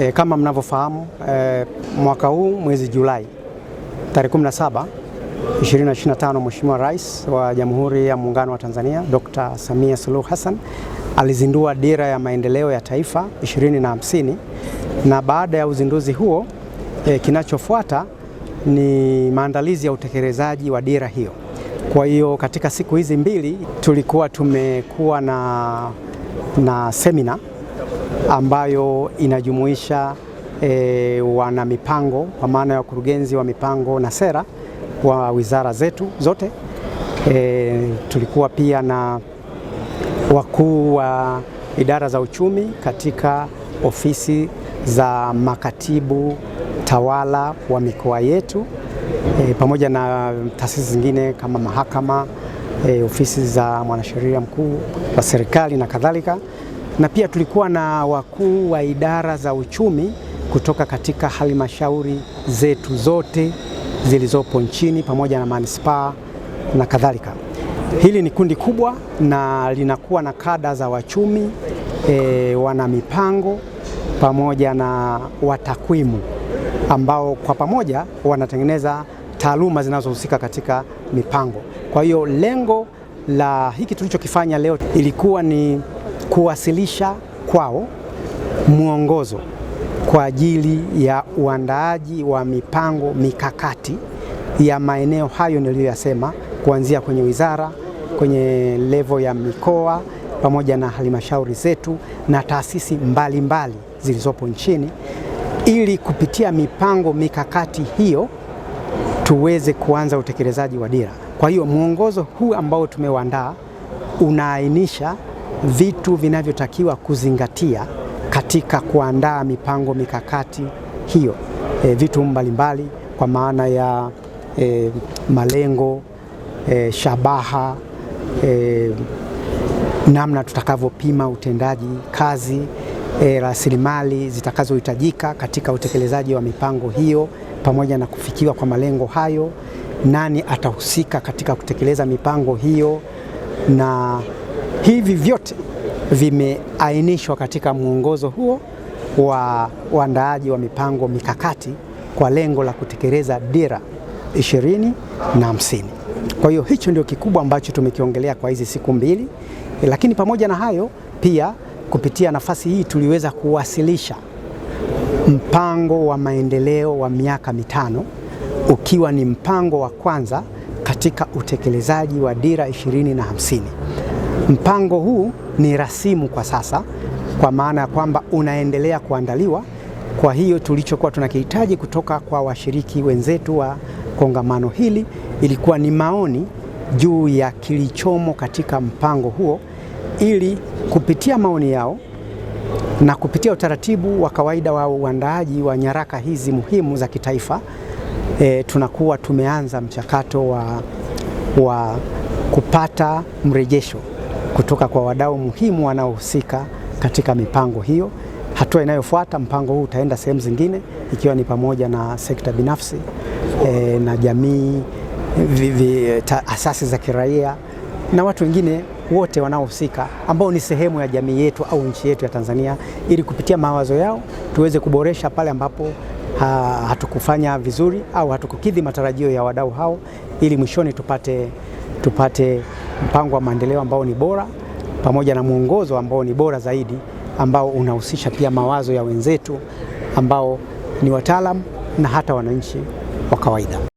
E, kama mnavyofahamu e, mwaka huu mwezi Julai tarehe 17 2025, Mheshimiwa Rais wa Jamhuri ya Muungano wa Tanzania Dr. Samia Suluhu Hassan alizindua dira ya maendeleo ya taifa 2050 na baada ya uzinduzi huo e, kinachofuata ni maandalizi ya utekelezaji wa dira hiyo. Kwa hiyo katika siku hizi mbili tulikuwa tumekuwa na, na semina ambayo inajumuisha e, wana mipango kwa maana ya wakurugenzi wa mipango na sera wa wizara zetu zote. E, tulikuwa pia na wakuu wa idara za uchumi katika ofisi za makatibu tawala wa mikoa yetu e, pamoja na taasisi zingine kama mahakama e, ofisi za mwanasheria mkuu wa serikali na kadhalika na pia tulikuwa na wakuu wa idara za uchumi kutoka katika halmashauri zetu zote zilizopo nchini pamoja na manispaa na kadhalika. Hili ni kundi kubwa na linakuwa na kada za wachumi e, wana mipango pamoja na watakwimu ambao kwa pamoja wanatengeneza taaluma zinazohusika katika mipango. Kwa hiyo lengo la hiki tulichokifanya leo ilikuwa ni kuwasilisha kwao mwongozo kwa ajili ya uandaaji wa mipango mikakati ya maeneo hayo niliyoyasema, kuanzia kwenye wizara, kwenye levo ya mikoa, pamoja na halmashauri zetu na taasisi mbalimbali zilizopo nchini, ili kupitia mipango mikakati hiyo tuweze kuanza utekelezaji wa dira. Kwa hiyo mwongozo huu ambao tumeuandaa unaainisha vitu vinavyotakiwa kuzingatia katika kuandaa mipango mikakati hiyo, e, vitu mbalimbali mbali, kwa maana ya e, malengo e, shabaha e, namna tutakavyopima utendaji kazi e, rasilimali zitakazohitajika katika utekelezaji wa mipango hiyo pamoja na kufikiwa kwa malengo hayo, nani atahusika katika kutekeleza mipango hiyo na Hivi vyote vimeainishwa katika mwongozo huo wa uandaaji wa mipango mikakati kwa lengo la kutekeleza dira ishirini na hamsini. Kwa hiyo hicho ndio kikubwa ambacho tumekiongelea kwa hizi siku mbili, lakini pamoja na hayo pia kupitia nafasi hii tuliweza kuwasilisha mpango wa maendeleo wa miaka mitano ukiwa ni mpango wa kwanza katika utekelezaji wa dira ishirini na hamsini. Mpango huu ni rasimu kwa sasa, kwa maana ya kwamba unaendelea kuandaliwa. Kwa hiyo tulichokuwa tunakihitaji kutoka kwa washiriki wenzetu wa kongamano hili ilikuwa ni maoni juu ya kilichomo katika mpango huo, ili kupitia maoni yao na kupitia utaratibu wa kawaida wa uandaaji wa nyaraka hizi muhimu za kitaifa e, tunakuwa tumeanza mchakato wa, wa kupata mrejesho kutoka kwa wadau muhimu wanaohusika katika mipango hiyo. Hatua inayofuata mpango huu utaenda sehemu zingine ikiwa ni pamoja na sekta binafsi e, na jamii vivi, ta, asasi za kiraia na watu wengine wote wanaohusika ambao ni sehemu ya jamii yetu au nchi yetu ya Tanzania, ili kupitia mawazo yao tuweze kuboresha pale ambapo ha, hatukufanya vizuri au hatukukidhi matarajio ya wadau hao, ili mwishoni tupate, tupate mpango wa maendeleo ambao ni bora pamoja na mwongozo ambao ni bora zaidi ambao unahusisha pia mawazo ya wenzetu ambao ni wataalamu na hata wananchi wa kawaida.